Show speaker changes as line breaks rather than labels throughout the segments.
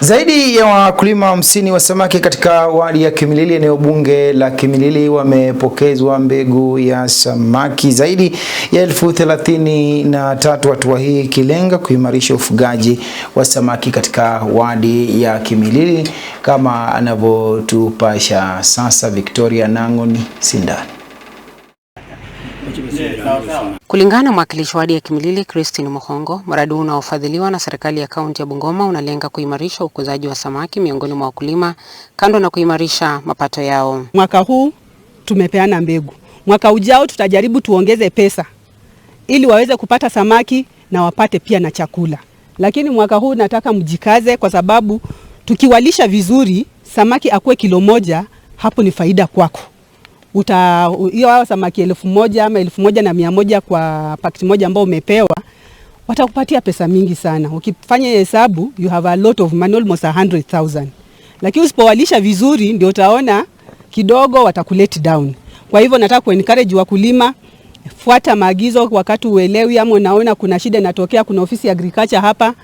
Zaidi ya wakulima hamsini wa samaki katika wadi ya Kimilili eneo bunge la Kimilili wamepokezwa mbegu ya samaki zaidi ya elfu thelathini na tatu, hatua hii ikilenga kuimarisha ufugaji wa samaki katika wadi ya Kimilili, kama anavyotupasha sasa Victoria Nangon Sindani.
Kulingana na mwakilishi wa wadi ya Kimilili Christine mohongo mradi huu unaofadhiliwa na serikali ya kaunti ya Bungoma unalenga kuimarisha ukuzaji wa samaki miongoni mwa wakulima kando na kuimarisha mapato yao.
Mwaka huu tumepeana mbegu, mwaka ujao tutajaribu tuongeze pesa ili waweze kupata samaki na wapate pia na chakula, lakini mwaka huu nataka mjikaze, kwa sababu tukiwalisha vizuri samaki akuwe kilo moja, hapo ni faida kwako hiyo hawa samaki elfu moja ama elfu moja na mia moja kwa pakiti moja ambao umepewa watakupatia pesa mingi sana. Ukifanya hesabu you have a lot of money, almost 100,000. Lakini usipowalisha vizuri ndio utaona kidogo watakulet down. Kwa hivyo nataka kuencourage wakulima, fuata maagizo wakati uelewi ama unaona kuna shida inatokea, kuna ofisi ya agriculture hapa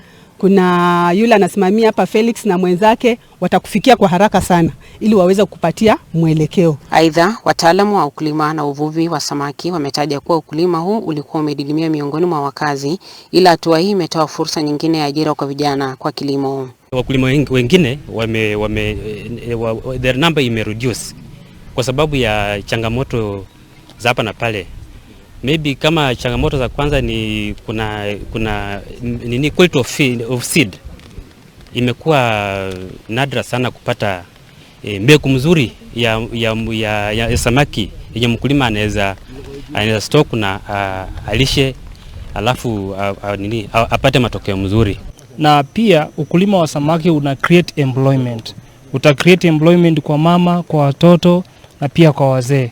kuna yule anasimamia hapa Felix na mwenzake watakufikia kwa haraka sana ili waweze kupatia mwelekeo.
Aidha, wataalamu wa ukulima na uvuvi wa samaki wametaja kuwa ukulima huu ulikuwa umedidimia miongoni mwa wakazi, ila hatua hii imetoa fursa nyingine ya ajira kwa vijana kwa kilimo.
Wakulima wengine wame, wame, eh, their number imereduce kwa sababu ya changamoto za hapa na pale. Maybe kama changamoto za kwanza ni kuna kuna nini, quality of, of seed imekuwa nadra sana kupata e, mbegu mzuri ya, ya, ya, ya samaki yenye mkulima anaweza anaweza stock na a, alishe alafu a, a, nini a, apate matokeo mzuri.
Na pia ukulima wa samaki una create employment, uta create employment kwa mama, kwa watoto na pia kwa wazee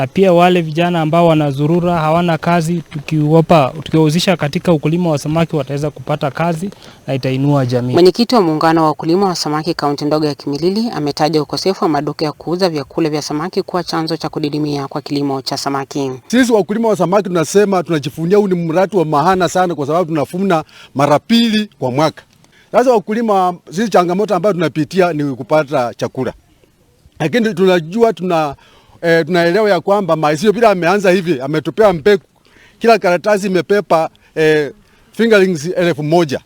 na pia wale vijana ambao wanazurura hawana kazi, tukiwapa tukiwauzisha katika ukulima wa samaki wataweza kupata kazi na itainua jamii.
Mwenyekiti wa muungano wa wakulima wa samaki kaunti ndogo ya Kimilili ametaja ukosefu wa maduka ya kuuza vyakula vya samaki kuwa chanzo cha kudidimia kwa kilimo cha samaki.
Sisi wakulima wa samaki tunasema tunajifunia, huu ni mradi wa maana sana, kwa sababu tunafuna mara pili kwa mwaka. Sasa wakulima sisi, changamoto ambayo tunapitia ni kupata chakula, lakini tunajua tuna eh, tunaelewa ya kwamba maisio bila ameanza hivi, ametupea mbegu, kila karatasi imepepa eh, fingerlings elfu moja.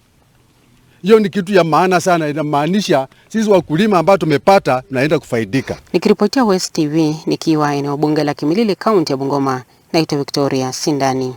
Hiyo ni kitu ya maana sana, inamaanisha sisi wakulima ambao tumepata tunaenda kufaidika.
Nikiripotia West TV nikiwa eneo bunge la Kimilili, kaunti ya Bungoma, naitwa Victoria Sindani.